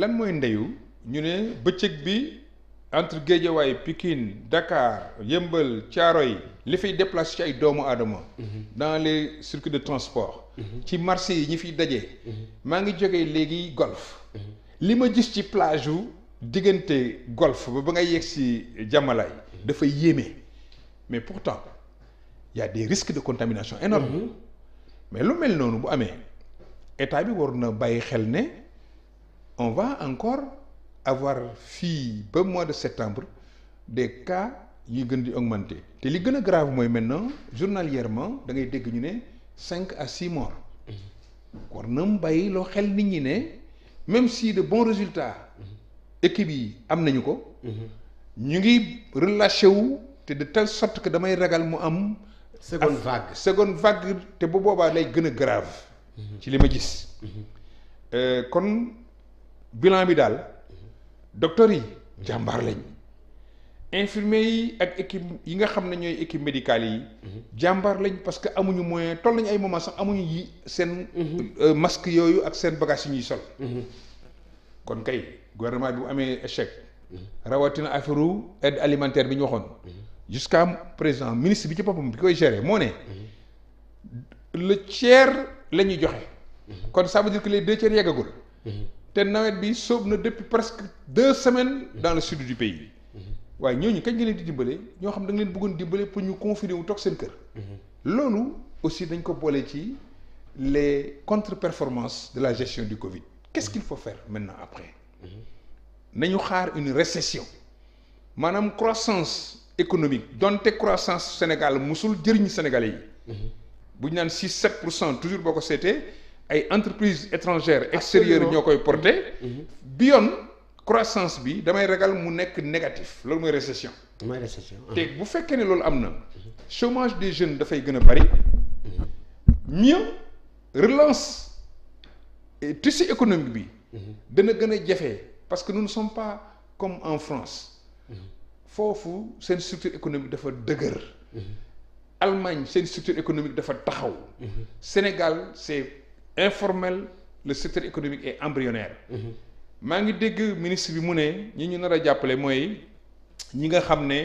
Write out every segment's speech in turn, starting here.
lan mooy ndeyu ñu ne bëccëg bi entre Guédiawaye Pikine Dakar Yëmbal yi li fiy déplacé ci ay doomu aadama dans les circuits de transport ci marché yi ñi fiy daje maa ngi jógee léegi golf li ma gis ci plage yu diggante golf ba ba ngay yegg si Jamalaay dafay yéeme mais pourtant y a des risques de contamination énormes mhm. mais lu mel noonu bu amee état bi war na bàyyi xel ne on va encore avoir fii ba mois de septembre des cas yuy gën di augmenter te li gën a grave mooy maintenant journalièrement da ngay dégg ñu ne cinq à six morts war na mu bàyyi loo xel nit ñi ne même si de bons résultats équipe yi am nañu ko ñu ngi relâché wu te de telle sorte que damay ragal mu am seconde vague seconde vague te bu boobaa lay gën a grave mhm. ci li ma gis euh, bilan bi daal docteur yi jàmbar lañ infirmier yi ak équipe yi nga xam ne ñooy équipe médicale yi jàmbar lañ parce que amuñu moyen toll nañu ay moment sax amuñu yi seen euh, masque yooyu ak seen bagage yi ñuy sol kon kay gouvernement bi bu amee échec rawatina affaire aide alimentaire bi ñu waxoon jusqu'à présent ministre bi ci boppam bi koy gérer moo ne le tiers la ñuy joxe kon ça veut dire que les deux tiers te nawet bi sóob na depuis presque deux semaines dans le sud du pays waaye ñooñu kañ nga leen di dimbale ñoo xam da nga leen bëggoon dimbale pour ñu confiner wu toog seen kër loolu aussi dañ ko boole ci les contre performance de la gestion du Covid qu'est-ce qu'il faut faire maintenant après nañu xaar une récession maanaam croissance économique donte croissance Sénégal mosul jëriñ Sénégalais yi bu ñu naan six sept pour cent toujours boo ko seetee ay entreprise étrangères extérieures ñoo koy porté mhm. bi yoon croissance bi damay ragal mu nekk négatif loolu mooy récession mooy récession te uh-huh. bu fekkee ne loolu am na chomage des jeunes dafay gën a bari mhm. mieux relance tissu économique bi mhm. dana gën a jafe parce que nous ne sommes pas comme en France foofu seen structure économique dafa dëgër Allemagne seen structure économique dafa taxaw Sénégal c'est informel le secteur économique est embryonnaire. Mm-hmm. maa ngi dégg ministre bi mu ne ñi ñu nar a jàppale mooy ñi nga xam ne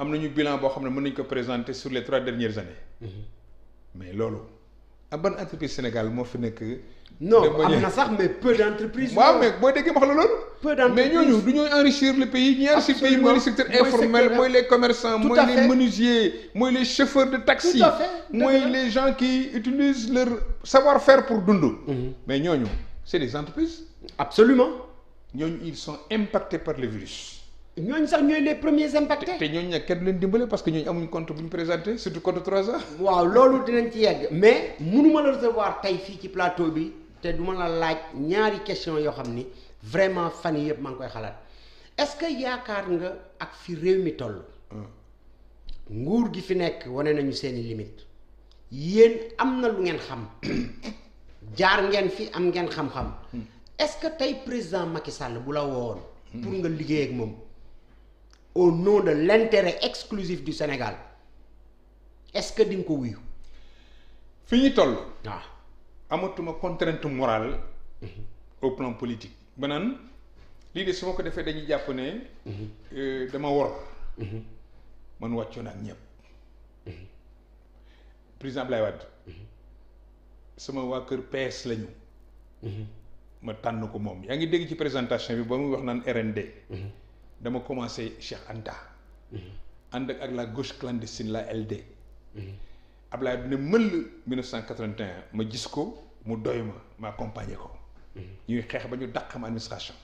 am nañu bilan boo xam ne mën nañ ko présenter sur les trois dernières années. Mm-hmm. mais loolu ab ban entreprise Sénégal moo fi nekk. non am na sax mais peu d' waaw mais boo déggee wax la loolu. peu d'entreprises mais ñooñu du ñooy enrichir le pays ñi enrichir pays mooy le secteur informel mooy les commerçants mooy les menuisiers mooy les chauffeurs de taxi mooy les gens qui utilisent leur savoir-faire pour dundu mhm. mais ñooñu c'est des entreprises absolument ñooñu ils sont impactés par le virus ñooñu sax ñooy le premiers impactés. te ñooñu nag kenn du leen dimbale parce que ñooñu amuñ compte bu ñu présenté surtout compte 3 ans. waaw loolu dinañ ci yegg mais mënuma la recevoir tey fii ci plateau bi te duma la laaj ñaari question yoo xam ni vraiment fan yii yëpp maa ngi koy xalaat est-ce que yaakaar nga ak fi réew mi toll. nguur gi fi nekk wane nañu seeni limite yéen am na lu ngeen xam jaar ngeen fi am ngeen xam-xam. est-ce que tey président Macky sàll bu la woowoon. pour nga liggéey ak moom. au nom de l'intérêt exclusif du Sénégal est-ce que di nga ko wuyu. fi ñu toll. waaw ah. amatuma contrainte morale. Mhm. au plan politique. ba naan lii de su ma ko defee dañuy jàpp ne. Mhm. Euh, dama wor. Mhm. man wàccoo naa ñëpp. Mhm. président Abdoulaye Wade. sama waa kër PS lañu. ma tànn ko moom yaa ngi dégg ci présentation bi ba muy wax naan RND. dama commencé Cheikh Anta. ànd ak la gauche clandestine la LD. Abdoulaye du ne mëll ma gis ko mu doy ma ma accompagner ko. ñuy xeex ba ñu daq am administration.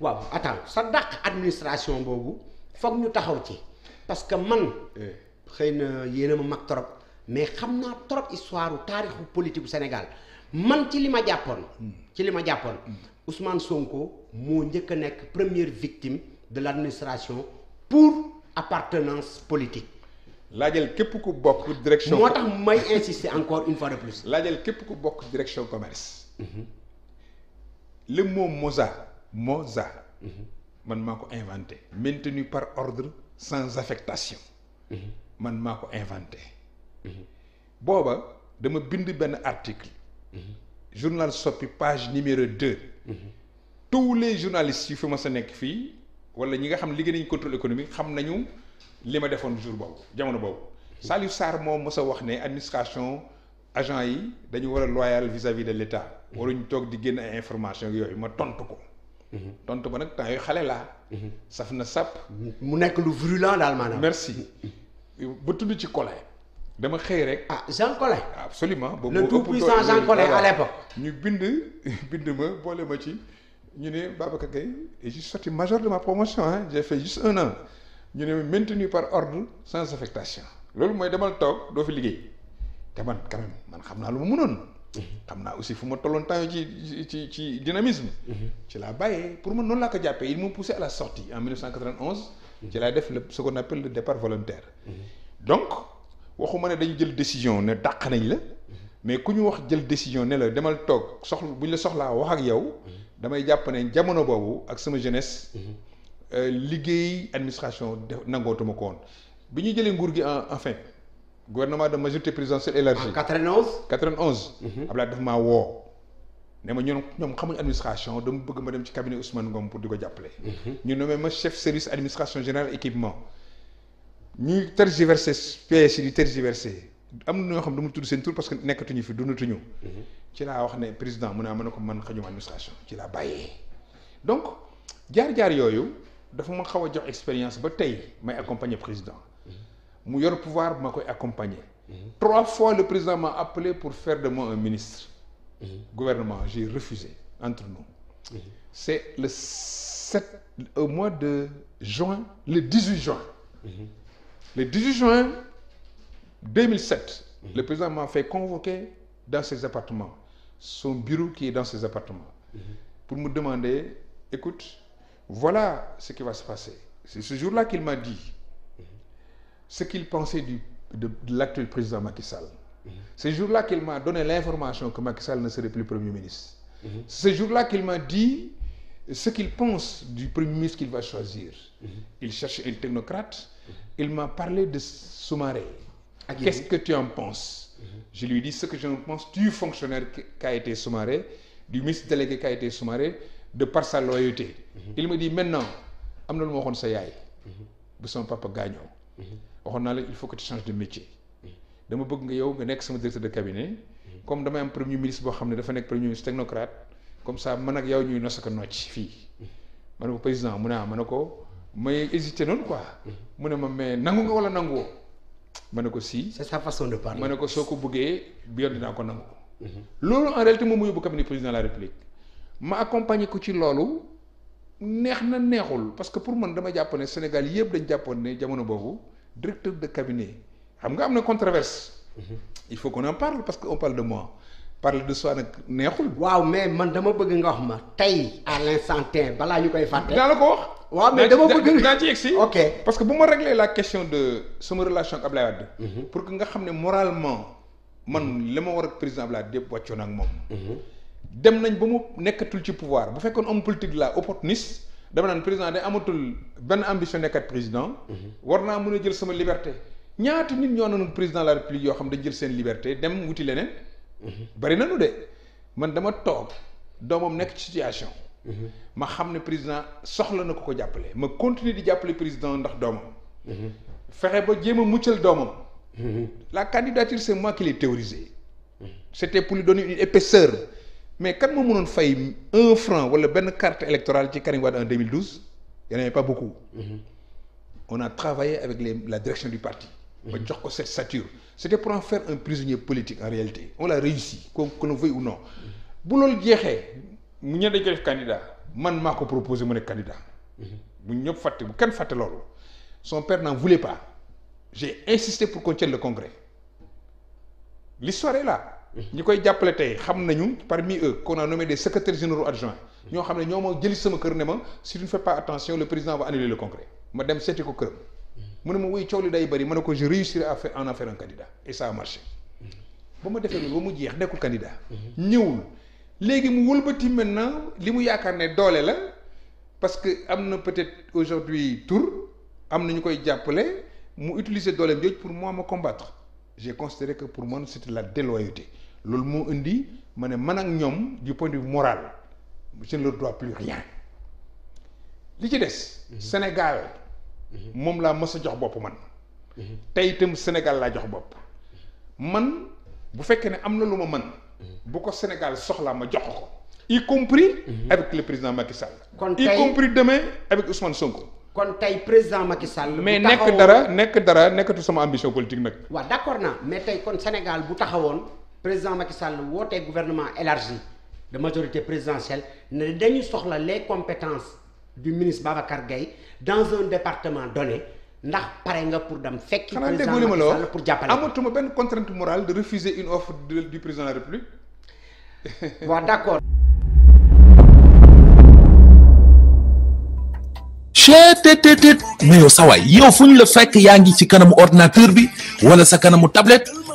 waaw attends sa dàq administration boobu foog ñu taxaw ci parce que man euh, xëy na yéen ma mag trop mais xam naa trop histoire taarixu politique bu Sénégal man ci li ma jàppoon. ci li ma jàppoon Ousmane Sonko moo njëkk a nekk première victime de l' administration pour appartenance politique. laajal képp ku bokk direction. moo tax may insister encore une fois de plus. laajal képp ku bokk direction commerce. Mhm. le moom mosa mosa mhm. man maa ko inventé maintenu par ordre sans affectation mhm. man maa ko inventé mhm. booba dama bind benn article journal Sopi page numéro deux tous les journalistes yu fi ma sa nekk fii wala ñi nga xam liggéey nañu contrôle économique xam nañu li ma defoon jour boobu jamono boobu Saliou Sarr moo mos a wax ne administration agent yi dañu war a loyal vis-à-vis de l'État waruñ toog di génn ay information yooyu ma tontu ko. tontu ba nag temps yooyu xale laa. saf na sàpp. mu nekk lu virulent daal maanaam. merci ba tudd ci Collin. dama xëy rek. ah Jean Collin. absolument ba le tout puissant Jean Collin à l'époque. ñu bind bind ma boole ma ci ñu ne Babacar Gueye et je suis sorti major de ma promotion ah j'ai fait juste un an ñu ne maintenu par ordre sans affectation loolu mooy demal toog doo fi liggéey te man quand même man xam naa lu ma mënoon. xam naa aussi fu ma tolloon taayoo ci ci ci dynamisme. ci laa bàyyee pour man noonu laa ko jàppee il m'a poussé à la sortie en 1991. ci laa def le ce qu'on appelle le départ volontaire. donc waxuma ne dañu jël décision ne dàq nañ la. mais ku ñu wax jël décision ne la demal toog soxla bu ñu la soxlaa wax ak yow. damay jàpp ne jamono boobu ak sama jeunesse. Euh, liggéey administration def nangootuma ko woon bi ñu jëlee nguur gi en en gouvernement de majorité présidentielle élargie. en 91. 91. Abdoulaye daf maa woo. ne ma ñoom ñoom xamuñ administration dama bëgg ma dem ci cabinet Ousmane Ngom pour di ko jàppale. Mhm. ñu nommé ma chef service administration générale équipement. ñuy tergiversé PS yi di tergiversé am na ñoo xam ne du mu tudd seen tur parce que nekkatuñu fi dundatuñu. Mhm. ci laa wax ne président mu ne ah, ma ne ko man xañuma administration ci laa bàyyee. donc jaar-jaar yooyu dafa ma xaw a jox expérience ba tey may accompagner président. mu yor pouvoir ma koy accompagner. trois fois le président m'a appelé pour faire de moi un ministre. gouvernement j'ai refusé entre nous. c'est le sept au mois de juin le 18 juin. le 18 juin 2007. le président m'a fait convoquer dans ses appartements son bureau qui est dans ses appartements. pour me demander écoute voilà ce qui va se passer c'est ce jour-là qu'il m'a dit. ce qu'il pensait du, de, de l'actuel président Macky Sall. Mmh. C'est jour-là qu'il m'a donné l'information que Macky Sall ne serait plus Premier ministre. Mmh. C'est jour-là qu'il m'a dit ce qu'il pense du Premier ministre qu'il va choisir. Mmh. Il cherche un technocrate. Mhm. Il m'a parlé de Soumaré. Qu'est-ce que tu en penses mhm. Je lui ai ce que j'en pense du fonctionnaire qu'a été Soumaré, du ministre délégué qu'a été Soumaré, de par sa loyauté. Mhm. Il me dit maintenant, am na lu ma waxoon naa la il faut que tu changes de métier dama bëgg nga yow nga nekk sama directeur de cabinet comme damay am premier ministre boo xam ne dafa nekk premier ministre technocrate comme ça man ak yow ñuy nos ak a nocc fii ma ne ko président mu ne ah, ma ne ko may hésité noonu quoi mu ne ma mais nangu nga wala nanguwoo ma ne ko si. c'est sa de parler ma ne ko soo ko bëggee bi yoon dinaa ko nangu. loolu en réalité moom mu yóbbu cabinet président de la république ma accompagner ko ci loolu neex na neexul parce que pour man dama jàpp ne Sénégal yëpp dañ jàppoon ne jamono boobu. directeur de cabinet xam nga am na controverse mhm. il faut qu'on en parle parce que on parle de moi parle de soi nag neexul. waaw mais man dama bëgg nga wax ma tey à l'instant T balaa ñu koy fàtte. dinaa la ko wax. waaw mais dama bëgg naa ci yegsi ok parce que bu ma régler la question de sama relation ak Ablaye mhm. nga xam ne moralement man li ma war ak président Ablaye Wade yëpp wàccoon ak moom. Mhm. dem nañ ba mu nekkatul ci pouvoir bu fekkoon homme politique la opportuniste. dama naan président de amatul benn ambition nekkat président. Mhm. war naa mun a jël sama liberté. ñaata nit ñoo noonu président la république yoo xam dañ jël seen liberté dem wuti leneen. Mhm. bari na de man dama toog doomam nekk ci situation. Mhm. ma xam ne président soxla na ko ko jàppale ma continuer di jàppale président ndax doomam. fexe ba jéem a muccal doomam. la candidature c'est moi qui l'ai théorisé. c'était pour lui donner une épaisseur. mais kan moo mënoon fay un franc wala benn carte électorale ci Karim Wade en 2012 y en pas beaucoup. Mm-hmm. on a travaillé avec les la direction du parti. ba mm-hmm. jox ko cette stature. c'était pour en faire un prisonnier politique en réalité on l'a réussi qu'on qu'on le ou non. Mm-hmm. bu loolu jeexee mu ñëw dañ ko candidat man maa ko proposé mu nekk candidat. bu ñëpp fàtte bu kenn fàtte loolu. son père n'en voulait pas. j'ai insisté pour qu'on le congrès l'histoire est là. ñu koy jàppale tey xam nañu parmi eux qu'on a nommé des secrétaires généraux adjoints ñoo xam ne ñoo ma jëli sama kër ne ma si tu ne fais pas attention le président va annuler le congrès ma dem seeti ko këram mu ne ma wuy coow li day bëri ma ne ko je réussirai à faire en ba ma defee loolu ba mu jeex nekkul candidat ñëwul léegi mu wëlbati maintenant li mu yaakaar ne doole la parce que am na peut-être aujourd'hui tour am na ñu koy jàppale mu utiliser dooleem jooju pour moi ma combattre j'ai considéré que pour moi c'était la déloyauté loolu moo indi ma ne mën ak ñoom du point de vue moral je ne leur dois plus rien li ci des. Mhm. Sénégal mhm. moom laa mës a jox bopp man. Mhm. tey itam Sénégal laa jox bopp. man bu fekkee ne am na lu ma man bu ko Sénégal soxlaa ma jox ko. y compris avec le président Macky Sall. kon tey y compris demain avec Ousmane Sonko. kon tey président Macky Sall. mais nekk dara nekk dara nekkatu sama ambition politique nag. waaw d'accord naa mais tey kon Sénégal bu taxawoon. président Macky Sall wootee gouvernement élargi de majorité présidentielle ne dañu soxla les compétences du ministre Babacar Gueye dans un département donné ndax pare nga pour dem fekki président Macky Sall pour jàppale amatuma benn contrainte morale de refuser une offre du président de la République waaw ouais, d'accord yow sawaay yow fu ñu la fekk yaa ngi ci kanamu ordinateur bi wala sa kanamu tablette